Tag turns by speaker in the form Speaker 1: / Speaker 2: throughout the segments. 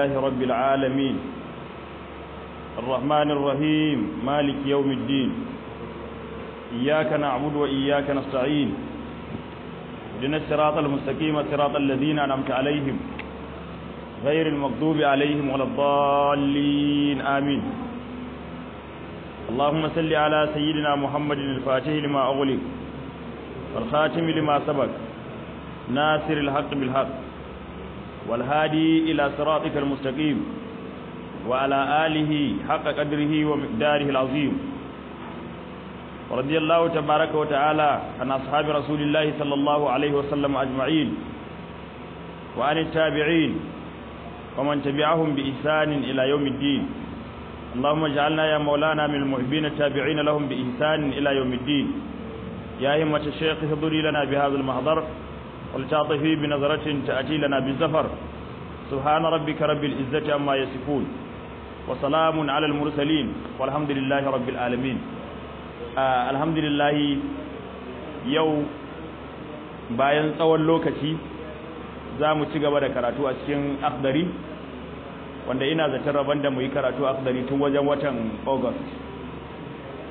Speaker 1: الله رب العالمين الرحمن الرحيم مالك يوم الدين إياك نعبد وإياك نستعين اهدنا الصراط المستقيم صراط الذين أنعمت عليهم غير المغضوب عليهم ولا الضالين آمين اللهم صل على سيدنا محمد الفاتح لما أغلق والخاتم لما سبق ناصر الحق بالحق والهادي إلى صراطك المستقيم وعلى آله حق قدره ومقداره العظيم ورضي الله تبارك وتعالى عن أصحاب رسول الله صلى الله عليه وسلم أجمعين وعن التابعين ومن تبعهم بإحسان إلى يوم الدين اللهم اجعلنا يا مولانا من المحبين التابعين لهم بإحسان إلى يوم الدين يا همة الشيخ اهضري لنا بهذا المحضر ولتعطفي بنظرة تأتي لنا بالزفر سبحان ربك رب العزة عما يصفون وسلام على المرسلين والحمد لله رب العالمين الحمد لله يو bayan tsawon lokaci za mu ci gaba da karatu a cikin akhdari wanda ina zaton rabon da mu yi karatu akhdari tun wajen watan august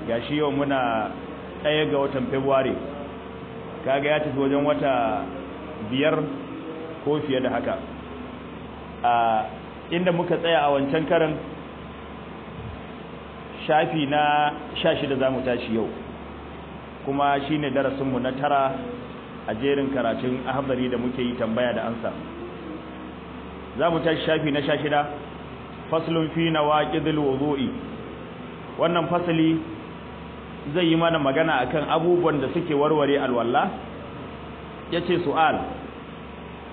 Speaker 1: gashi yau muna ɗaya ga watan february kaga ya tafi wajen wata biyar ko fiye da haka a inda muka tsaya a wancan karan shafi na sha shida za mu tashi yau kuma shi ne darasinmu na tara a jerin karatun ahabari da muke yi tambaya da ansa za mu tashi shafi na sha shida faslun fi na waƙidul wannan fasali zai yi mana magana akan abubuwan da suke warware alwallah Ya ce su'al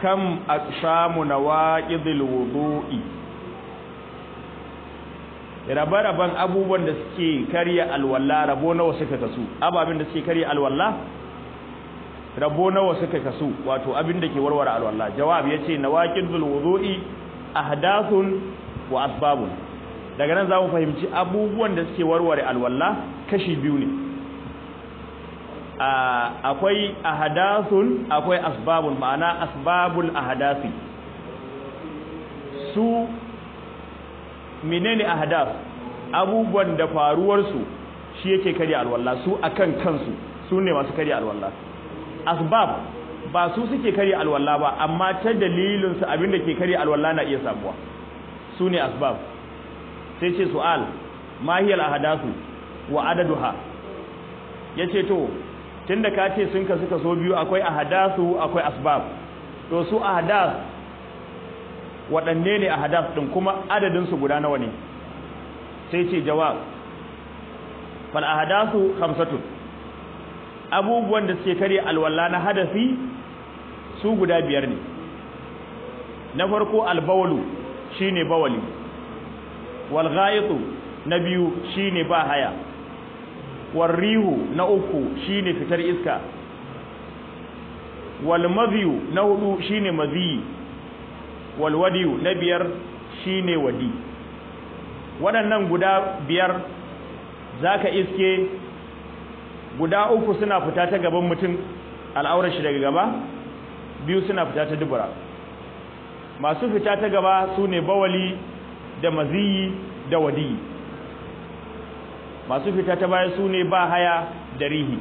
Speaker 1: kam a samu na nawaqidil wudu'i rabe-raben abubuwan da suke karya alwala rabo nawa suka kasu ababin da suke karya alwala rabo nawa suka kasu wato abin da ke warware alwala jawab yace nawaqidul wudu'i ahdathun wa asbabun daga nan za mu fahimci abubuwan da suke warware alwala kashi biyu ne akwai ahadathun akwai asbabun ma'ana asbabul ahadasi su menene ahadas abubuwan da faruwarsu shi yake karya alwala su akan kansu su ne masu karya alwala asbab ba su suke karya alwala ba amma ta dalilin su abinda ke karya alwala na iya sabuwa su ne asbab sai ce su'al mahiyar ahadasu wa adaduha ce to tunda ka ce sun kasu so biyu akwai ahadasu akwai asbab to su ahadas waɗanne ne ahadas ɗin kuma adadin su guda nawa ne sai ce jawab fal ahadasu hamsatun. abubuwan da suke karya alwala na hadasi su guda biyar ne na farko albawalu shine bawali wal na biyu shine ba haya warrihu na uku shine fitar iska wal na hudu shine maziyi wal na biyar shine wadi waɗannan guda biyar zaka iske guda uku suna fita ta gaban mutum al'aurar shi daga gaba biyu suna fita ta dubura masu fita ta gaba sune bawali da maziyi da wadiyi masu fita ta baya su ne ba haya da rihi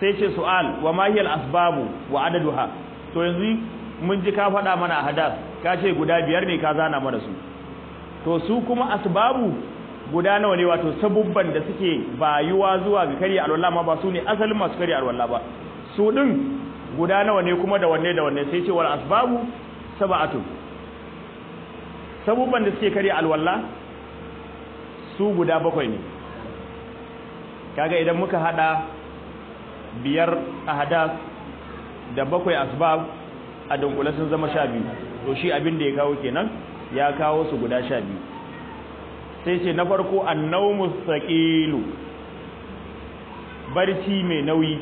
Speaker 1: sai ce su'al wa mahiyal asbabu wa adaduha to yanzu mun ji ka faɗa mana a hadas ka ce guda biyar ne ka zana mana su to su kuma asbabu guda nawa ne wato sabubban da suke bayuwa zuwa ga karya alwala ma ba su ne asalin masu karya alwala ba su ɗin guda nawa ne kuma da wanne da wanne sai ce wal asbabu sab'atu sabubban da suke karya alwala su guda bakwai ne kaga idan muka hada biyar ahadas da bakwai asbab a dunkule sun zama sha biyu to shi abin da ya kawo kenan ya kawo su guda sha biyu sai ce na farko annawu thaqilu barci mai nauyi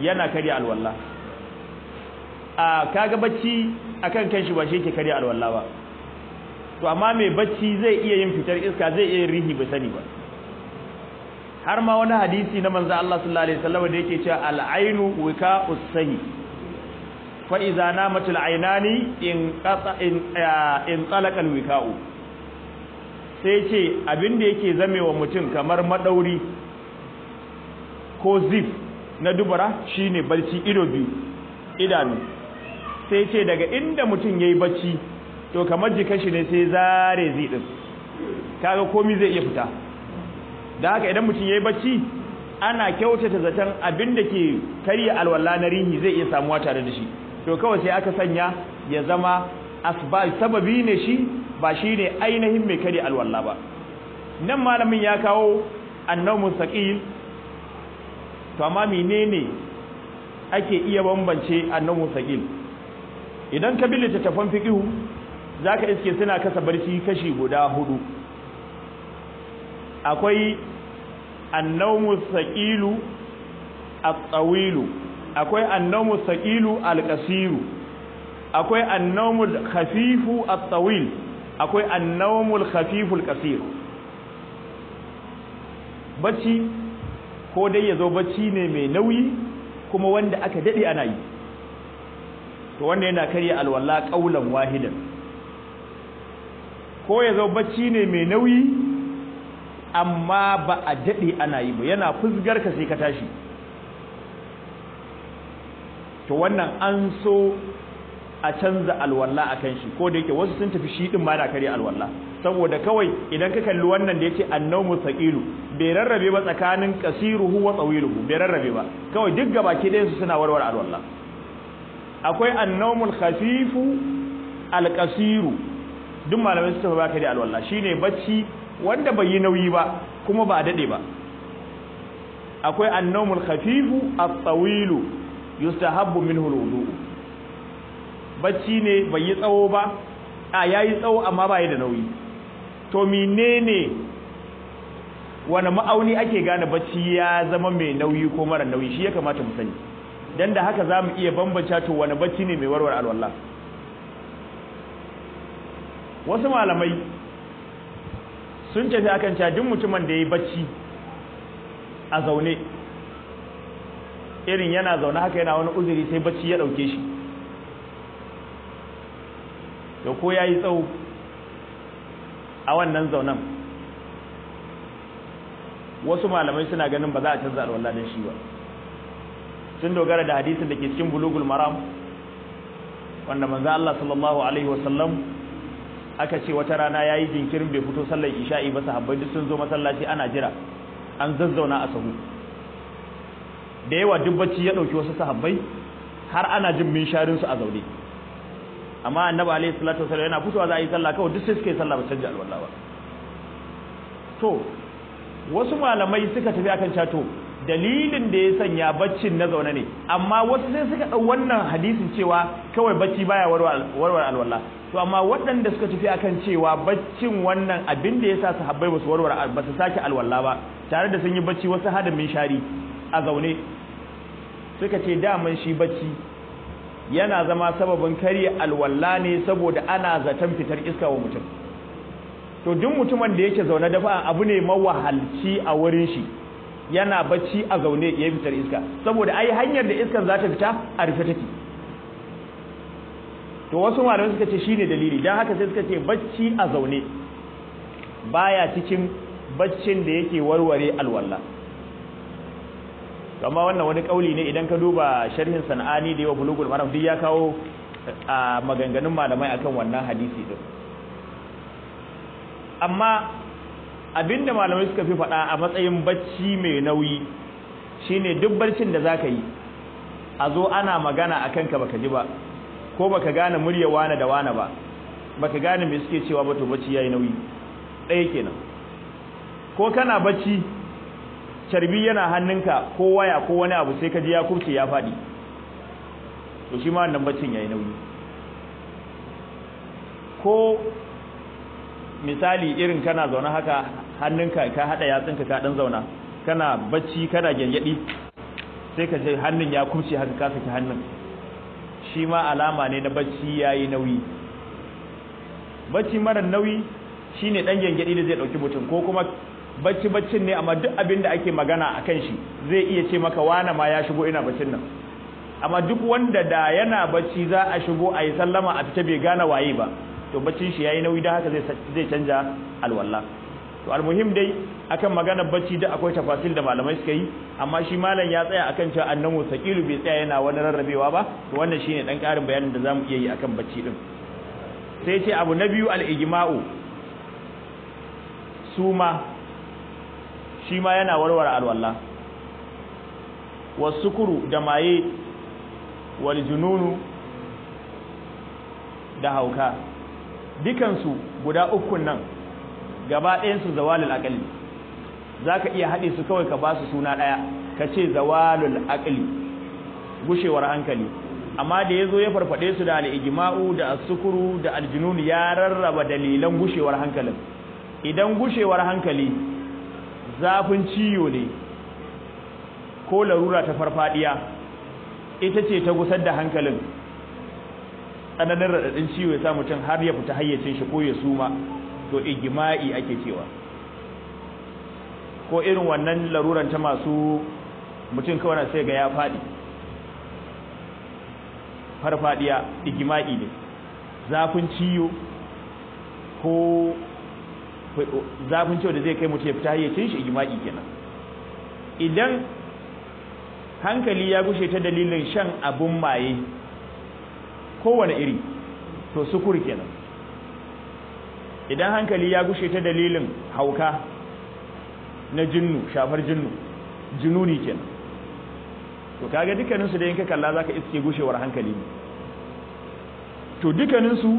Speaker 1: yana karya alwala a kaga bacci akan kanshi ba shi ke karya alwala ba to amma mai bacci zai iya yin fitar iska zai iya yin rihi bai sani ba har ma wani hadisi na manzo Allah sallallahu alaihi wasallam da yake cewa al-ainu wika'us sahi fa idza namat al in qata in eh, in wikau sai ce abin da yake zamewa mutum kamar madauri ko zif na dubara shine barci ido biyu idanu sai ce daga inda mutum yayi bacci to kamar jikin shi ne sai zare zi din kaga komai zai iya fita da haka idan mutum yayi bacci ana kyautata zaton abin da ke karya alwala na rihi zai iya samuwa tare da shi to kawai sai aka sanya ya zama asbab sababi ne shi ba shine ainihin mai karya alwala ba nan malamin ya kawo annawmu saqil to amma menene ake iya bambance annawmu saqil idan ka bi littattafan fiqhu za ka iske suna kasa barci kashi guda hudu akwai annaumu saƙilu a tsawilu akwai annaumu saƙilu alƙasiru akwai annaumu hafifu a tsawil akwai annaumu hafifu alƙasiru bacci ko dai ya zo bacci ne mai nauyi kuma wanda aka daɗe ana yi to wanda yana karya alwala ƙaulan wahidan ko ya zo bacci ne mai nauyi amma ba a daɗe ana yi ba yana fusgar ka sai ka tashi to wannan an so a canza alwala a kan shi ko da yake wasu sun tafi shi ɗin ma na kare alwala saboda kawai idan ka kalli wannan da ya ce annawmu saqilu bai rarrabe ba tsakanin ƙasiru Huwa tawiluhu bai rarrabe ba kawai duk gaba ɗayan su suna warware alwala akwai annawmul khafifu alqasiru duk malamai su tafi baka da alwala shine bacci wanda bai yi nauyi ba kuma ba dade ba akwai annawmul khafifu at-tawilu yustahabbu minhu al bacci ne bai yi tsawo ba a yayi tsawo amma ba yi da nauyi to menene wani ma'auni ake gane bacci ya zama mai nauyi ko mara nauyi shi ya kamata mu sani dan da haka zamu iya bambanta to wani bacci ne mai warware alwala wasu malamai sun tafi akan cajin duk mutumin da ya yi bacci a zaune irin yana zaune haka yana wani uzuri sai bacci ya ɗauke shi da ko ya yi tsawo a wannan zaunen wasu malamai suna ganin ba za a canza alwala shi ba sun dogara da hadisin da ke cikin bulugul maram wanda manzan Allah sallallahu alaihi wasallam aka ce wata rana ya yi jinkirin bai fito sallar isha'i ba sahabbai duk sun zo masallaci ana jira an zazzauna a sahu da yawa duk bacci ya ɗauki wasu sahabbai har ana jin sharin su a zaune amma annabi alaihi salatu wasallam yana fitowa za a yi sallah kawai duk sai suka yi sallah ba canja alwala ba to wasu malamai suka tafi akan cato dalilin da ya sanya baccin na zaune ne amma wasu sai suka ɗau wannan hadisin cewa kawai bacci baya warware alwala to amma waɗanda suka tafi akan cewa baccin wannan abin da ya sa sahabbai ba su warwar ba su sake alwala ba tare da sun yi bacci wasu hadin shari a zaune suka ce daman shi bacci yana zama sababin karya alwalla ne saboda ana zaton fitar iska wa mutum to duk mutumin da yake zaune dafa abu ne mawahalci a wurin shi yana bacci a zaune ya fitar iska saboda ai hanyar da iskar za ta fita a rufe take to wasu malamai suka ce shine dalili dan haka sai suka ce bacci a zaune baya cikin baccin da yake warware alwala amma wannan wani kauli ne idan ka duba sharhin sana'ani da yawa bulugul maram duk ya kawo a maganganun malamai akan wannan hadisi din amma abinda malamai suka fi faɗa a matsayin bacci mai nauyi shine duk barcin da zaka yi a zo ana magana akan ka baka ji ba ko baka gane murya wane da wane ba baka gane me suke cewa ba to bacci yayi nauyi ɗaya kenan ko kana bacci carbi yana hannunka ko waya ko wani abu sai ka ji ya kurce ya faɗi to shi ma wannan baccin yayi nauyi ko misali irin kana zaune haka hannunka ka hada yatsunka ka dan zauna kana bacci kana gyangyadi sai ka je hannun ya kurce haka ka saki hannun shi ma alama ne na bacci yayi nauyi bacci mara nauyi shine dan gyangyadi da zai dauki mutum ko kuma bacci baccin ne amma duk abin da ake magana akan shi zai iya ce maka wana ma ya shigo ina baccin nan amma duk wanda da yana bacci za a shigo a yi sallama a fita bai gane waye ba to baccin shi yayi nauyi da haka zai zai canja alwala to almuhim dai akan maganar bacci da akwai tafasil da malamai suka yi amma shi malam ya tsaya akan cewa annabi sakilu bai tsaya yana wani rarrabewa ba to wannan shine dan karin bayanin da zamu iya yi akan bacci din sai ce abu na biyu al-ijma'u suma shi ma yana warware alwala wasukuru da maye wal jununu da hauka dukansu guda ukun nan gaba ɗayan su zawalul aqli zaka iya haɗe su kawai ka ba su suna ɗaya ka ce zawalul aqli gushewar hankali amma da ya zo ya farfade su da al-ijma'u da as-sukuru da al ya rarraba dalilan gushewar hankalin idan gushewar hankali zafin ciyo ne ko larura ta farfadiya ita ce ta gusar da hankalin tsananin raɗaɗin ciwo ya sa mutum har ya fita hayyacin shi ko ya suma to ijma'i ake cewa ko irin wannan laruran ta masu mutum kawai sai ga ya faɗi farfadiya ijma'i ne zafin ciyo ko zafin ciwo da zai kai mutum ya fita ya cin shi ijma'i kenan idan hankali ya gushe ta dalilin shan abun maye kowane iri to sukuri kenan idan hankali ya gushe ta dalilin hauka na jinnu shafar jinnu jinuni kenan to kaga dukkanin su da yanka kalla zaka iske gushewar hankali ne to dukkanin su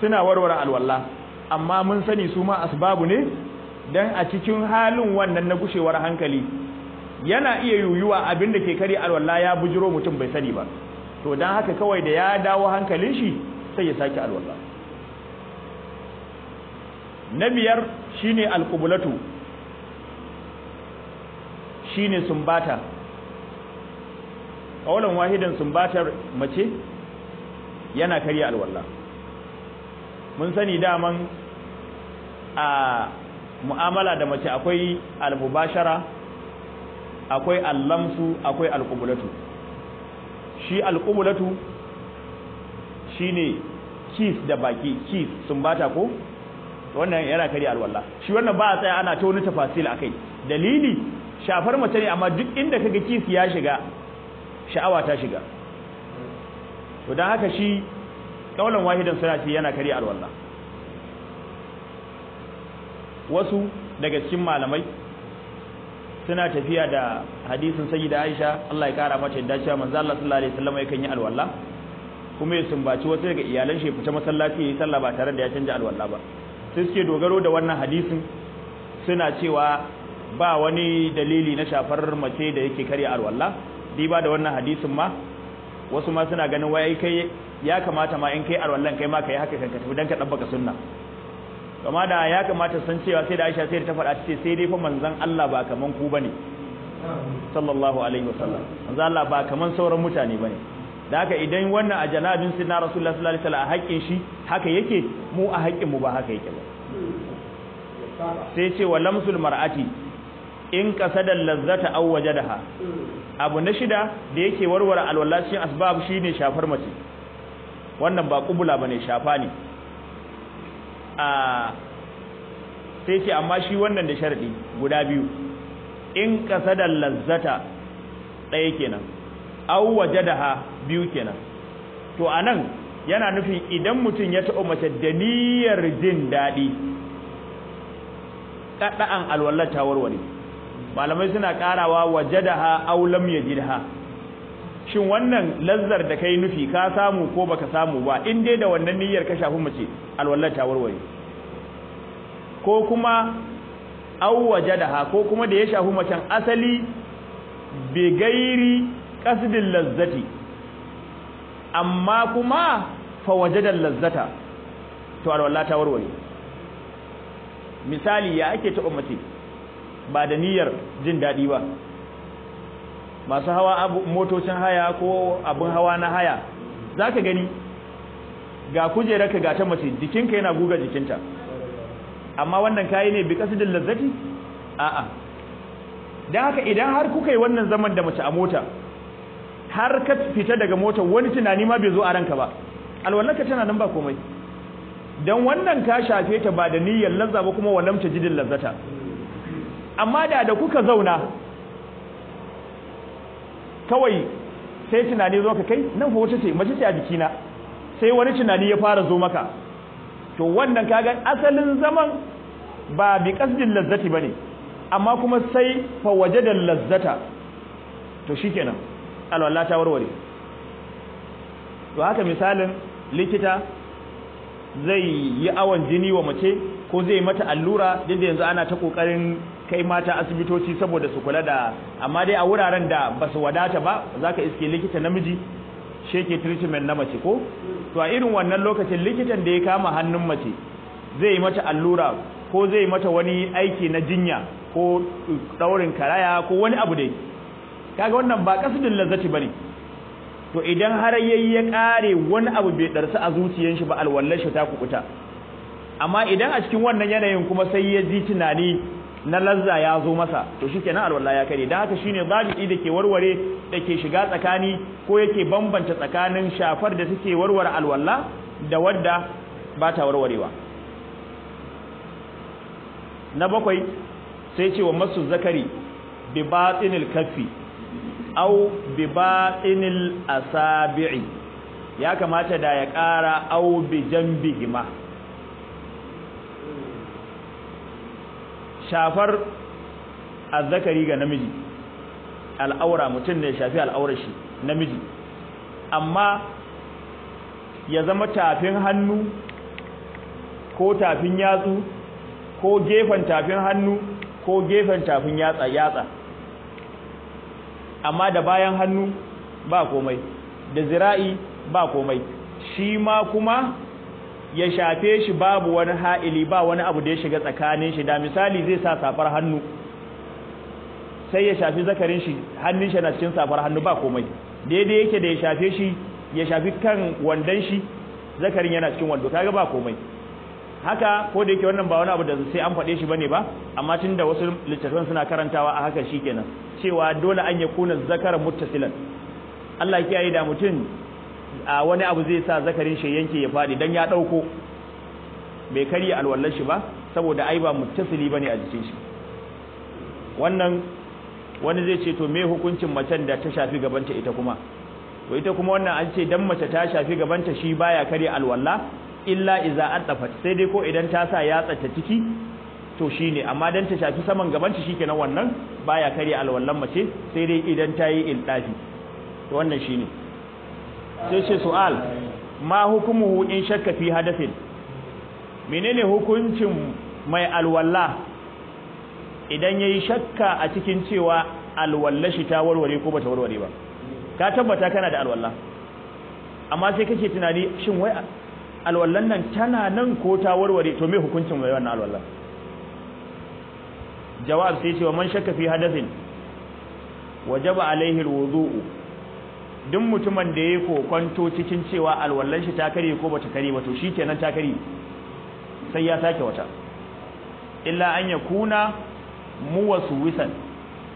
Speaker 1: suna warware alwala amma mun sani su ma asbabu ne dan a cikin halin wannan na gushewar hankali yana iya yuyuwa abin da ke kare alwala ya bujiro mutum bai sani ba to dan haka kawai da ya dawo hankalin shi sai ya saki alwala na biyar shine shi shine sumbata kawalan wahidan sumbatar mace yana karya alwala mun sani daman a mu'amala da mace akwai almubashara akwai allamsu akwai alqubulatu shi shi shine kif da baki kif sumbata ko wannan yana kari alwala shi wannan ba a tsaya ana ta wani tafasil akai dalili shafar mace ne amma duk inda kaga kisi ya shiga sha'awa ta shiga to dan haka shi kaulan wahidan ce yana karya alwala wasu daga cikin malamai suna tafiya da hadisin sayyida Aisha Allah ya kara mata yadda cewa manzo Allah sallallahu alaihi wasallam yakan yi alwala kuma ya sumbaci wasu daga iyalan shi fita masallaci ya yi sallah ba tare da ya canja alwala ba sai suke dogaro da wannan hadisin suna cewa ba wani dalili na shafar mace da yake karya alwala di da wannan hadisin ma wasu ma suna ganin wai kai ya kamata ma in kai alwallan kai ma kai haka kanka tafi dan ka dabbaka sunna kama da ya kamata san cewa sai da Aisha sai ta faɗa ce sai dai fa manzon Allah ba kaman ku bane sallallahu alaihi wasallam manzon Allah ba kaman sauran mutane bane da haka idan wannan a janabin sai na rasulullah sallallahu alaihi wasallam a haƙƙin shi haka yake mu a haƙin mu ba haka yake ba sai ce wa lamsul mar'ati in qasada lazzata aw wajadaha abu na shida da yake warware alwala asbab shine shafar mace wannan ba kubula bane shafa ne a sai ce amma shi wannan da sharadi guda biyu in qasada lazzata ɗaya kenan aw wajadaha biyu kenan to anan yana nufin idan mutum ya taɓa mace da niyyar jin daɗi ɗaɗa'an alwallata warware malamai suna karawa wajadaha aw lam yajidha shin wannan lazzar da kai nufi ka samu ko baka samu ba in dai da wannan niyyar ka shafi mace alwallata warware ko kuma aw wajadaha ko kuma da ya shafi macen asali bi gairi qasdil lazzati amma kuma fa wajada lazzata to alwala ta warware misali ya ake taba mace ba da niyyar jin daɗi ba masu hawa motocin haya ko abin hawa na haya zaka gani ga kujerarka ga ta mace jikinka yana guga jikinta amma wannan kayi ne bi kasidin lazzati a'a dan haka idan har kuka yi wannan zaman da mace a mota har ka fita daga mota wani tunani ma bai zo a ranka ba alwallaka tana nan ba komai dan wannan ka shafe ta ba da niyyar lazza ba kuma wallam ta jidin lazzata amma da da kuka zauna kawai sai tunani zo ka kai nan fa wata ce mace ce a jikina sai wani tunani ya fara zo maka to wannan ka ga asalin zaman ba bi kasdin lazzati bane amma kuma sai fa wajadan lazzata to shikenan alwala ta warware to haka misalin likita zai yi awon jini wa mace ko zai mata allura duk da yanzu ana ta kokarin kai mata asibitoci saboda su kula da amma dai a wuraren da ba su wadata ba za ka iske likita namiji sheke treatment na mace ko to a irin wannan lokacin likitan da ya kama hannun mace zai yi mata allura ko zai mata wani aiki na jinya ko daurin karaya ko wani abu dai kaga wannan ba kasdul lazzati bane to idan har yayi ya kare wani abu bai darsa a zuciyar shi ba alwallar shi ta kukuta amma idan a cikin wannan yanayin kuma sai ya ji tunani na lazza ya zo masa to shikenan alwallah ya kare dan haka shine zabi'i da ke warware da ke shiga tsakani ko yake bambanta tsakanin shafar da suke warware alwallah da wadda ba ta warwarewa na bakwai sai ce wa masu zakari bi batinil kaffi au bi ba'inil asabi'i ya kamata da ya ƙara au bi jambihima shafar azzakari ga namiji al'aura mutum ne shafi al'aurar shi namiji amma ya zama tafin hannu ko tafin yatsu ko gefen tafin hannu ko gefen tafin yatsa yatsa amma da bayan hannu ba komai da zira'i ba komai shi ma kuma ya shafe shi babu wani ha'ili ba wani abu da ya shiga tsakanin shi da misali zai sa safar hannu sai ya shafi zakarin shi hannun shi na cikin safar hannu ba komai daidai yake da ya shafe shi ya shafi kan wandon shi zakarin yana cikin wando kaga ba komai haka ko da yake wannan ba wani abu da sai an faɗe shi bane ba amma tunda wasu littattafan suna karantawa a haka shikenan cewa dole an ya kuna zakara muttasilan Allah ya yi da mutum a wani abu zai sa zakarin shi yanke ya faɗi dan ya dauko bai karya alwallan shi ba saboda ai ba muttasili bane a jikin shi wannan wani zai ce to me hukuncin macen da ta shafi gabanta ita kuma to ita kuma wannan an ce dan mace ta shafi gabanta shi baya karya alwalla illa iza addafat sai dai ko idan ta sa yatsa ta ciki to shine amma dan ta shafi saman gaban shi shikenan wannan baya kare alwallan mace sai dai idan ta yi ildafi to wannan shine
Speaker 2: sai ce su'al
Speaker 1: ma hukumuhu in shakka fi hadafin menene hukuncin mai alwalla idan yayi shakka a cikin cewa alwalla shi ta warware ko bata warware ba ka tabbata kana da alwalla amma sai kake tunani shin wai alwallan nan tana nan ko ta warware to me hukuncin mai wannan alwallan jawab sai ce wa man shakka fi hadathin wajaba alaihi alwudu duk mutumin da yake kokonto cikin cewa alwallan shi ta kare ko bata kare ba to shikenan ta kare sai ya sake wata illa an yakuna wisan.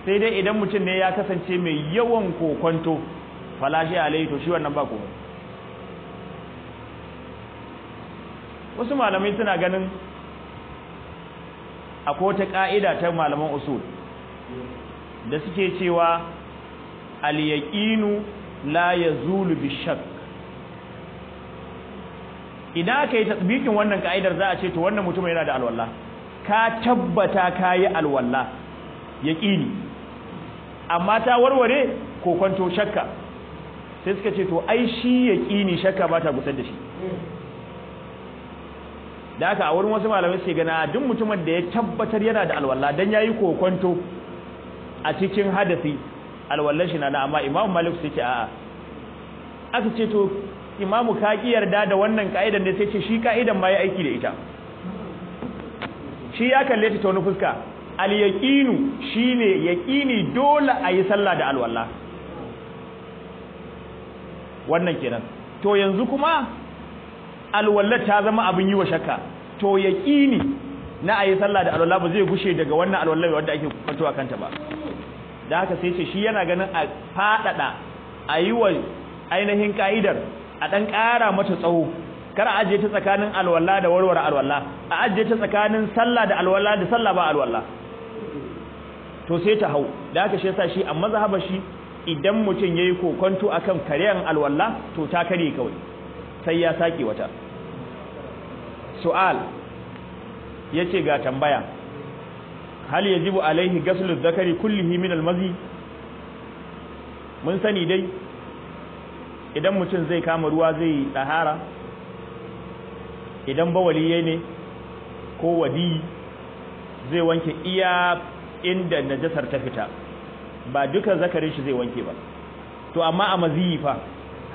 Speaker 1: sai dai idan mutum ne ya kasance mai yawan kokonto falashi alaihi to shi wannan ba komai wasu malamai suna ganin akwai wata ka'ida ta malaman usul da suke cewa al-yaqinu la yazulu bishak idan aka yi wannan ka'idar za a ce to wannan mutum yana da alwala ka tabbata kayi alwala yaqini amma ta warware ko kwanto shakka sai suka ce to ai shi yaqini shakka ba ta gusar da shi da haka a wurin wasu malamai sai gana ah, duk mutumin da ya tabbatar yana da alwala dan yayi kokonto a cikin hadasi alwallan shi na amma imam malik sai ce a'a aka ce to Imam ka ki yarda da wannan ka'idan ne sai ce shi ka'idan ma ya aiki da ita shi ya kalle ta ta wani fuska al yaqinu shine yaqini dole a yi sallah da alwala wannan kenan to yanzu kuma alwallar ta zama abin yi wa shakka to yaƙini na ayi sallah da alwala ba zai gushe daga wannan alwallar wanda ake kwanto a kanta ba da haka sai ce shi yana ganin a faɗaɗa a wa ainihin ka'idar a ɗan kara mata tsawo kar a ajiye ta tsakanin alwala da warware alwala a ajiye ta tsakanin sallah da alwala da sallah ba alwala to sai ta hau da haka shi yasa shi a mazhabar shi idan mutum yayi kokonto akan karyan alwalla to ta kare kawai sai ya sake wata su'al ya ce ga tambaya hal yajibu alaihi ghaslu dhakari kullihi min almazi mun sani dai idan mutum zai kama ruwa zai ɗahara. idan bawali ne ko wadi zai wanke iya inda najasar ta fita ba duka zakarin shi zai wanke ba to amma a maziyi fa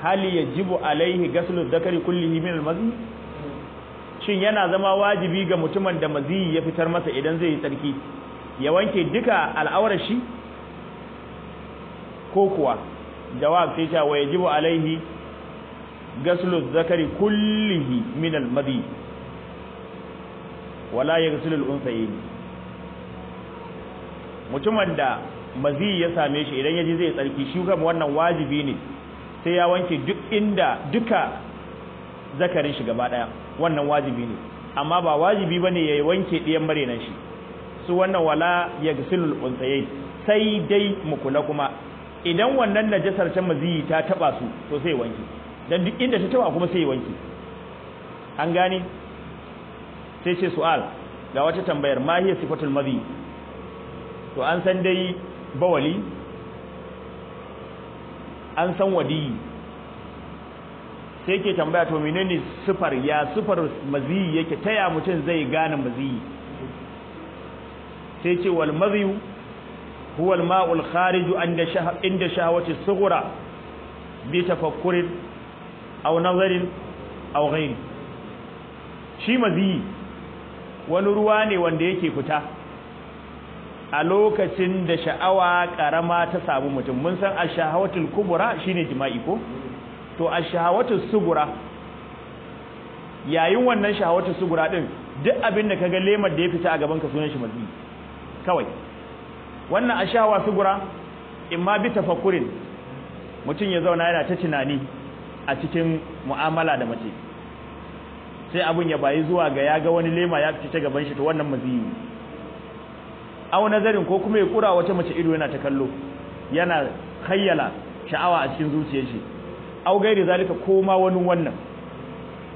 Speaker 1: hal yajibu alaihi ghaslu dhakari kullihi min al-mazi shin yana zama wajibi ga mutumin da mazi ya fitar masa idan zai yi tsarki ya wanke duka al'aurar shi ko kuwa jawab sai ta wajibu alaihi ghaslu dhakari kullihi min al-mazi wala yaghsilu al-unthayayn mutumin da mazi ya same shi idan yaji zai tsarki shi kuma wannan wajibi ne sai ya wanke duk inda duka zakarin shi gaba daya wannan wajibi ne amma ba wajibi bane ya wanke diyan marenan shi su wannan wala yagsilul unsayayn sai dai mu kula kuma idan wannan najasar ta maziyi ta taba su to sai wanke dan duk inda ta taba kuma sai wanke an gane sai ce su'al ga wata tambayar ma hiya sifatul mazi to an san dai bawali an san wadiyi sai ke tambaya to menene sifar ya sifar maziyi yake taya mutum zai gane maziyi sai ce wal maziyu huwa al ma'ul khariju inda shahawati sughra bi tafakkurin aw nazarin aw shi maziyi wani ruwa ne wanda yake fita a lokacin da sha'awa karama ta samu mutum mun san ash-shahawatul kubra shine jima'i ko to ash sugura yayin wannan shahawatul sugura din duk abin da kaga lemar da ya fita a gaban ka sunan shi mazi kawai wannan ash-shahawa sugura imma bi tafakkurin mutum ya zauna yana ta tunani a cikin mu'amala da mace sai abun ya bayi zuwa ga ya ga wani lema ya fita gaban shi to wannan mazi au nazarin ko kuma ya kura wata mace ido yana ta kallo yana khayyala sha'awa a cikin zuciyar shi au gairi zalika ko ma wani wannan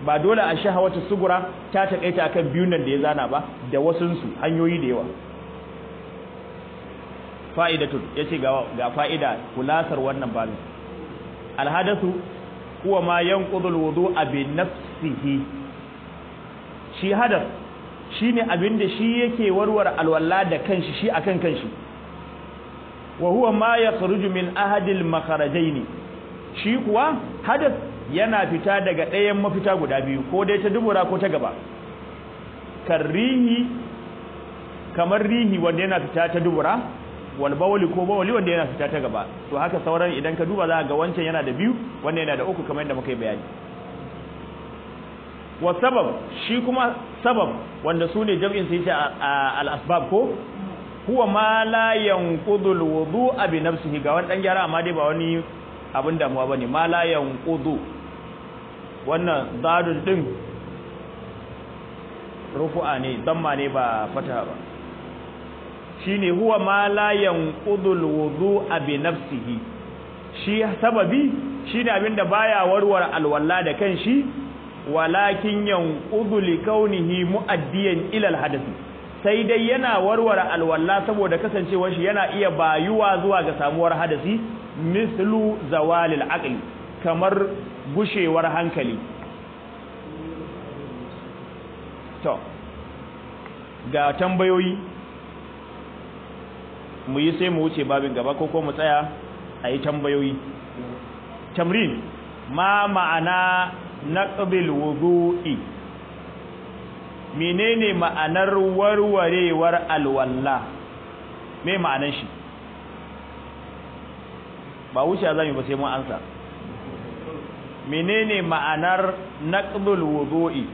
Speaker 1: ba dole a shahawata sugura ta takaita akan biyun nan da ya zana ba da wasunsu hanyoyi da yawa fa'idatu yace ga ga fa'ida kulasar wannan babin alhadathu huwa ma yanqudul wudu'a bi nafsihi shi hadath Shi ne abin da shi yake warware alwala da kanshi shi akan kanshi wa huwa ma yakhruju min ahadil makharajaini shi kuwa hadas yana fita daga ɗayan mafita guda biyu ko dai ta dubura ko ta gaba karrihi kamar rihi wanda yana fita ta dubura wal bawli ko bawli wanda yana fita ta gaba to haka sauran idan ka duba za ga wancan yana da biyu wanda yana da uku kamar yadda muka yi bayani wa sabab shi kuma sabab wanda su ne jam'in sai ce al-asbab ko huwa ma la yanqudu al-wudu'a bi nafsihi ga wani dan gyara amma dai ba wani abin damuwa bane ma la yanqudu wannan dadun din rufu'a ne damma ne ba fata ba ne huwa ma la yanqudu al-wudu'a bi nafsihi shi sababi abin abinda baya warware alwala da kanshi walakin 'yan li kaunihi muaddiyan ilal hadasi, sai dai yana warware alwala saboda kasancewar shi yana iya bayuwa zuwa ga samuwar hadasi mislu zawalil aqli kamar gushewar hankali to ga tambayoyi mu yi sai mu wuce babin gaba ko ko mu tsaya a yi tambayoyi tamrin ma ma'ana naqbil wudu'i menene ma'anar warwarewar alwalla me ma'anar shi ba wuce zamu ba sai mun ansa menene ma'anar naqbil wudu'i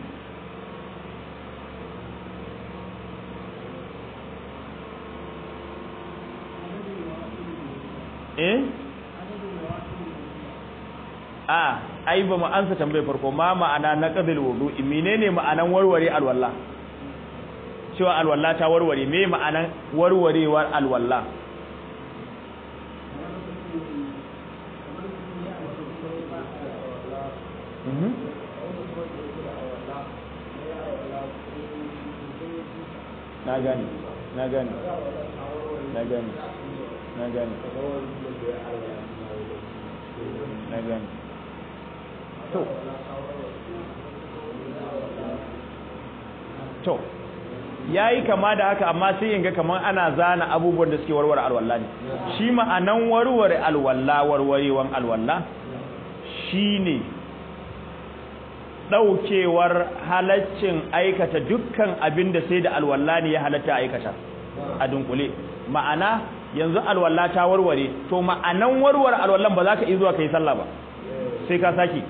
Speaker 1: eh a ah. ai ba mu ansa tambayar farko ma ma'ana na qabil wudu menene ma'anan warware alwala cewa alwala ta warware me ma'anan warwarewar alwala
Speaker 2: mhm. na gani na gani na gani na gani na gani to
Speaker 1: to yayi kama da haka amma sai yanga kaman ana zana abubuwan da suke warware alwalla ne shi ma'anan warware alwalla warwarewan alwalla shine daukewar halaccin aikata dukkan abin da sai da alwalla ne ya halatta aikata a dunkule ma'ana yanzu alwalla ta warware to ma'anan warware alwallan ba za ka iya zuwa kai sallah ba sai ka saki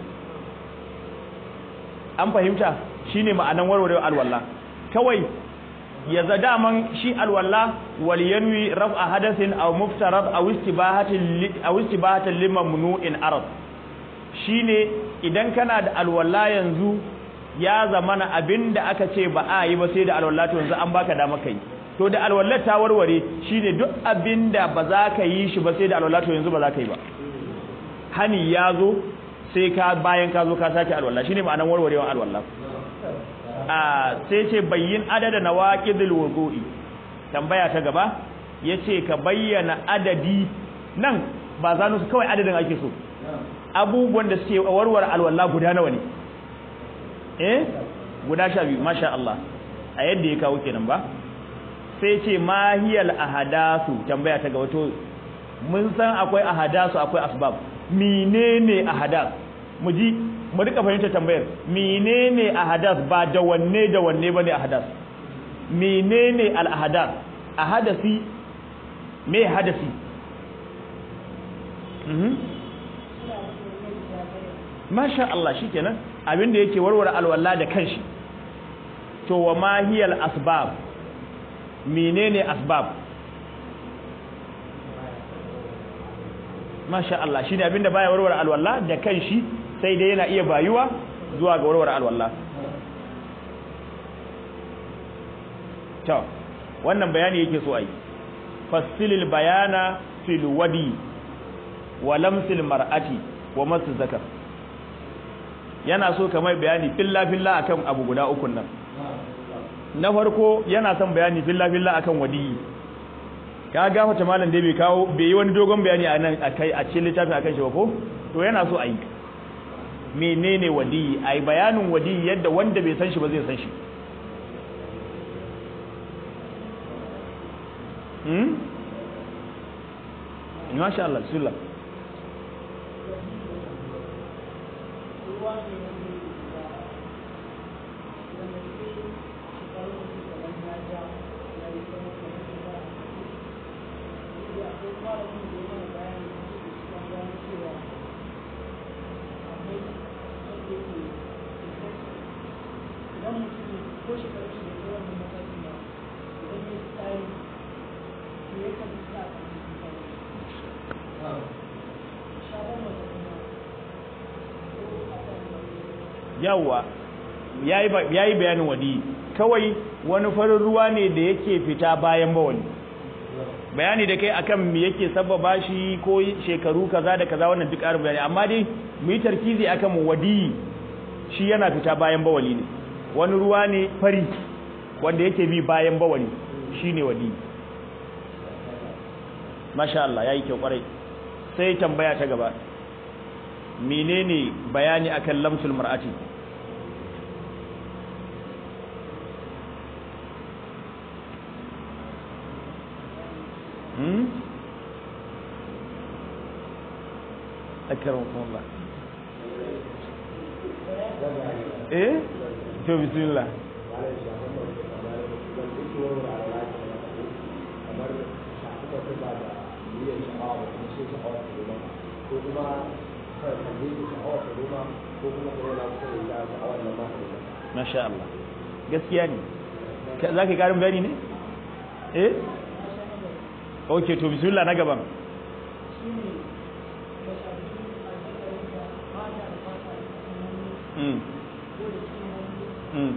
Speaker 1: an fahimta shi ne ma'anan warware alwallah kawai ya za daman shi alwala wal yanwi a a a muftarad aw istibahatin aw in arab Shi ne idan kana da alwala yanzu ya zamana da aka ce ba a yi ba sai da alwallah to yanzu an baka dama kai to da alwallah ta warware shi ne duk abin da ba za ka yi shi ba sai da alwallah to yanzu ba za ka yi ba hani ya zo sai ka bayan ka zo ka sake alwala shine nan warwarewan alwala a sai ce bayyin adada na waqidul wudu'i tambaya ta gaba yace ka bayyana adadi nan ba zanu su kawai adadin ake so abubuwan da suke warware alwala guda nawa ne eh guda sha biyu masha Allah a yadda ya kawo kenan ba sai ce mahiyal ahadasu tambaya ta gaba to mun san akwai ahadasu akwai asbab menene ahadasu mu ji mu rika fahimta tambayar menene ahadas ba da wanne da wanne bane ahadas menene al ahadas ahadasi me hadasi mhm. masha Allah shikenan abinda yake warware alwala da kanshi to wa ma hiyal asbab menene asbab masha Allah shine abinda baya warware alwala da kanshi sai dai yana iya bayuwa zuwa ga warware alwala wannan bayani yake so ayi fasilil bayana fil wadi wa lamsil mar'ati wa masu zakar yana so kamar bayani filla filla akan abu guda ukun nan na farko yana son bayani filla filla akan wadi ka gafata malam da bai kawo bai yi wani dogon bayani a nan akai a cikin littafin akan shi ba ko to yana so ayi menene waliyi ai bayanin wadiyi yadda wanda bai san shi ba zai san shi hmm eh, sha Allah
Speaker 2: Thank you.
Speaker 1: Yawwa, ya yi bayanin wadi kawai wani farin ruwa ne da yake fita bayan bawani bayani da kai akan me yake sababa shi ko shekaru kaza da kaza wannan duk arba'in bayani amma dai mu yi tarkizi akan wadi shi yana fita bayan bawali ne wani ruwa ne fari wanda yake bi bayan bawali shine wani masha Allah yayi kyau kwarai sai tambaya ta gaba menene bayani akan lamsul mar'ati
Speaker 2: hmm akramukum Allah eh to bismillah
Speaker 1: masha Allah gaskiya ne za ka ne? eh? ok to bismillah na gaban
Speaker 2: hmm. Hmm.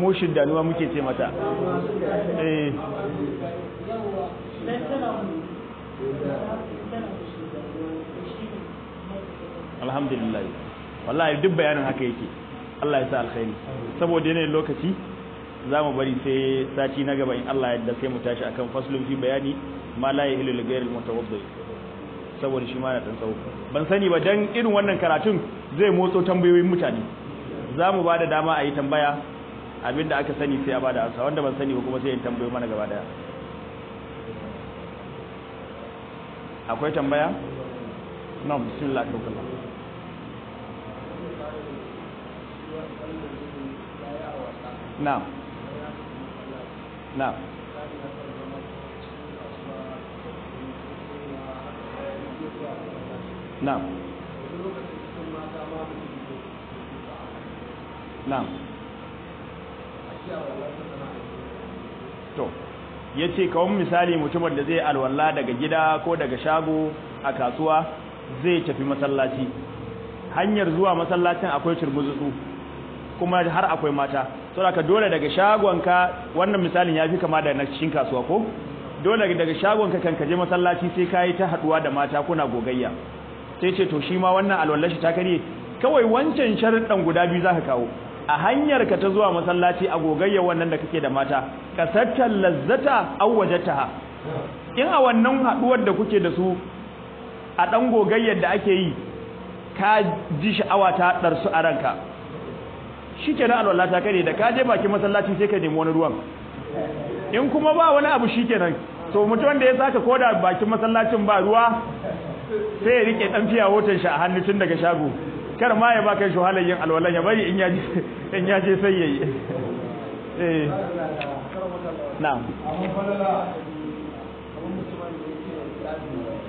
Speaker 1: mushin nuwa muke ce mata eh.
Speaker 2: alhamdulillah
Speaker 1: wallahi duk bayanin haka yake Allah ya sa alkhairi saboda yanayin lokaci za mu bari sai sati na gaba in Allah yadda sai mu tashi akan faslun fi bayani ma la yahilu li mutawaddi saboda shi ma na dan tsawo ban sani ba dan irin wannan karatun zai motso tambayoyin mutane za mu ba da dama a yi tambaya abinda aka sani sai a bada da ansa wanda ban sani ba kuma sai in tambayo mana gaba daya akwai tambaya na bismillah tawakkalna
Speaker 2: na'am na'am na'am
Speaker 1: ya ce kawon misali mutumin da zai alwala daga gida ko daga shago a kasuwa zai tafi masallaci hanyar zuwa masallacin akwai turmuzutsu kuma har akwai mata saboda dole daga shagonka wannan misalin ya fi kama da na cikin kasuwa ko dole daga shagonka kan ka je masallaci sai ka yi ta haduwa da mata kuna gogayya sai ce to shi ma wannan alwallashi ta kare kawai wancan sharuɗan guda biyu zaka kawo a hanyar ka ta zuwa masallaci a gogayya wannan da kake da mata kasattal lazzata aw in a wannan haduwar da kuke da su a dan gogayyar da ake yi ka ji sha'awa ta darsu a ranka nan alwala ta ne da ka je bakin masallaci sai ka nemi wani ruwan in kuma ba wani abu shikenan to mutum da ya saka koda bakin masallacin ba ruwa sai ya rike dan fiya wotan shi a hannu tun daga shago kar ma ya ba shi wahalar yin alwalan ya bari in ya je in ya sai yayi eh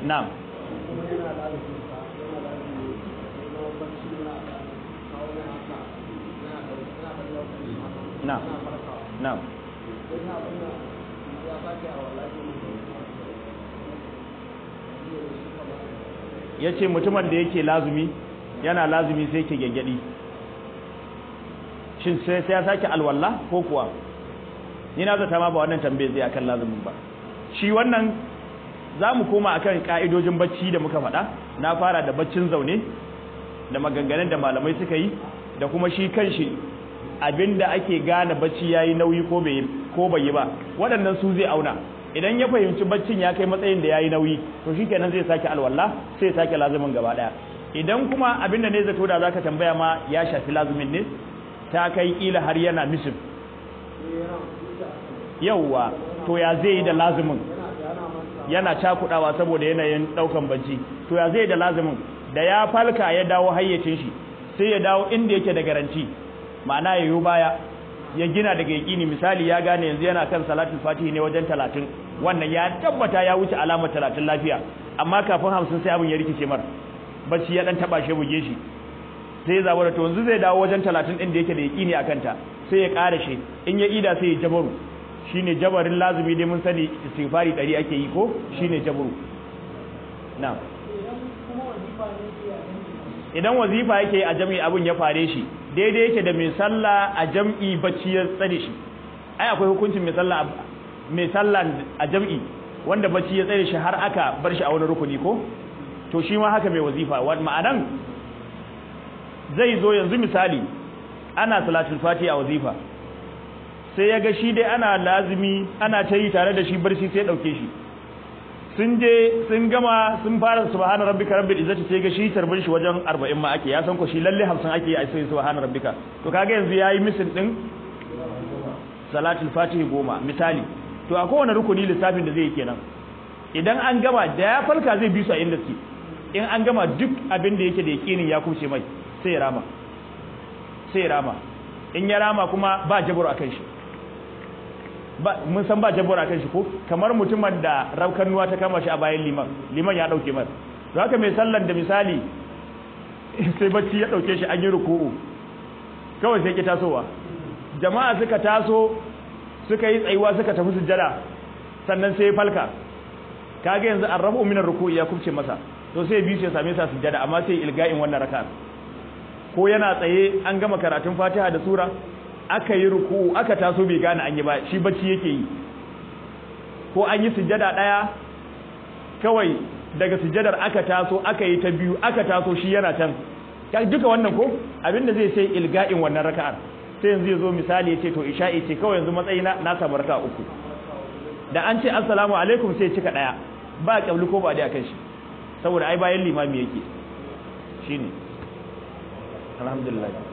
Speaker 2: na'am ya ce mutumin da
Speaker 1: yake lazumi yana lazumi sai ke gyangyaɗi shin sai ya sake alwallah ko kuwa ni zata ma ba wannan tambaye zai akan lazumin ba shi wannan za mu koma akan ka'idojin bacci da muka faɗa na fara da baccin zaune da maganganun da malamai suka yi da kuma shi kanshi abinda ake gane bacci ya yi nauyi ko bai ko bai ba waɗannan su zai auna idan ya fahimci baccin ya kai matsayin da yayi nauyi to shikenan zai sake alwala sai sake lazumin gaba daya idan kuma abinda ne zato da zaka tambaya ma ya shafi lazumin ne ta kai ila har yana misif yauwa to ya zai yi da lazumin yana cakudawa saboda yanayin ɗaukan bacci to ya zai da lazumin da ya falka ya dawo hayyacin shi sai ya dawo inda yake da garanti ma'ana ya yi baya ya gina daga yaƙini misali ya gane yanzu yana kan salatin fatihi ne wajen talatin wannan ya tabbata ya wuce alamar talatin lafiya amma kafin hamsin sai abin ya rikice mar bacci ya dan taba shi buge shi sai ya da to yanzu zai dawo wajen talatin ɗin da yake da yaƙini a kanta sai ya ƙara shi in ya ida sai ya jabaru shine jabarin lazumi dai mun sani istighfari ɗari ake yi ko shine jabaru idan wazifa yake a jami'i abin ya fare shi daidai yake da mai sallah a jam'i bacci ya tsare shi ai akwai hukuncin mai sallah a jam'i wanda bacci ya tsare shi har aka bar shi a wani rukuni ko to shi ma haka mai wazifa wa ma'anan zai zo yanzu misali ana salatul fati a wazifa sai ya ga shi dai ana lazimi ana ta yi tare da shi barci sai ya dauke shi sun je sun gama sun fara subhana rabbika rabbil izzati sai ga shi tarbin shi wajen arba'in ma ake ya san ko shi lalle 50 ake a sai subhana rabbika to kaga yanzu yayi misin din salatul fatihi goma misali to a kowane rukuni lissafin da zai yi kenan idan an gama da ya farka zai bi su a inda suke in an gama duk abin da yake da yakinin ya kuce mai sai ya rama sai ya rama in ya rama kuma ba a akan shi mun san ba jabura kan shi ko kamar mutumin da raukan nuwa ta kama shi a bayan liman liman ya dauke mar to haka mai sallan da misali sai bacci ya dauke shi an yi ruku'u kawai sai ki tasowa jama'a suka taso suka yi tsayuwa suka tafi sujjada sannan sai falka kage yanzu arrabu min ruku'i ya kubce masa to sai bi shi ya same sa sujjada amma sai ilga'in wannan raka'a ko yana tsaye an gama karatun Fatiha da sura aka yi ruku aka taso bai gane an yi ba shi bacci yake yi ko an yi sujada daya kawai daga sujadar aka taso aka yi ta biyu aka taso shi yana can duka wannan ko abin da zai sai ilga'in wannan raka'ar sai yanzu ya zo misali ya ce to isha'i ce kawai yanzu matsayi na samu raka'a uku da an ce assalamu alaikum sai cika daya ba kyamlu ko ba dai akan shi saboda ai bayan limami yake shine alhamdulillah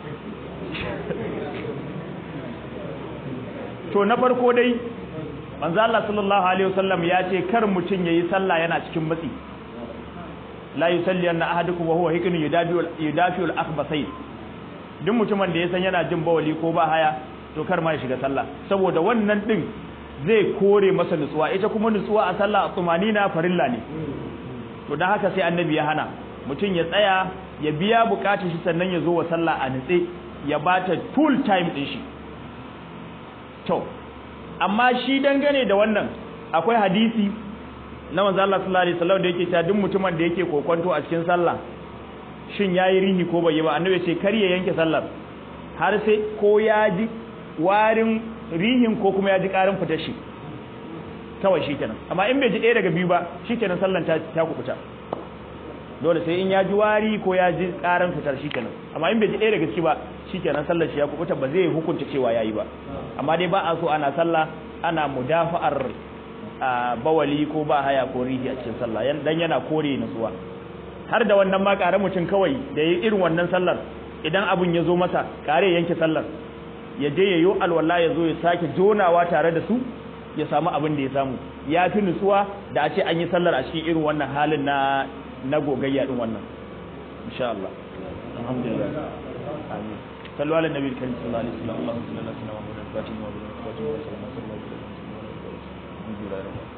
Speaker 1: to na farko dai manzo Allah sallallahu alaihi wasallam ya ce kar mutun yayi sallah yana cikin matsi la yusalli anna ahadukum wa huwa hikun yudafiul yudafiul akhbasai duk mutumin da ya san yana jin bawali ko ba haya to kar ma ya shiga sallah saboda wannan din zai kore masa nutsuwa ita kuma nutsuwa a sallah na farilla ne to dan haka sai annabi ya hana mutum ya tsaya ya biya bukatun shi sannan ya zo wa sallah a nitse ya bata full time din shi to amma shi dangane da wannan akwai hadisi na manzo Allah sallallahu alaihi wasallam da yake cewa duk mutumin da yake kokonto a cikin sallah shin yayi rihi ko bai yi ba annabi ce kar ya yanke sallar har sai ko ya ji warin rihin ko kuma ya ji karin fitar shi kawai shikenan amma in bai ji ɗaya daga biyu ba shi shikenan sallan ta ku kubuta dole sai in ya ji wari ko ya ji karan fitar shikenan amma in bai ji ɗaya daga ciki ba shikenan sallar shi ya kubuta ba zai hukunta cewa yayi ba amma dai ba a so ana sallah ana mudafa'ar bawali ko ba haya ko rihi a cikin sallah dan yana kore nutsuwa har da wannan ma kare mutum kawai da ya yi irin wannan sallar idan abin ya zo masa kare yanke sallar ya je ya yo alwala ya zo ya sake jonawa tare da su ya samu abin da ya samu ya fi nutsuwa da a ce an yi sallar a cikin irin wannan halin na na gogayya din wannan insha Allah alhamdulillah amin sallu ala nabiyil karim sallallahu alaihi wa sallam Allahumma salli ala sayyidina Muhammadin wa ala alihi wa sahbihi wa sallam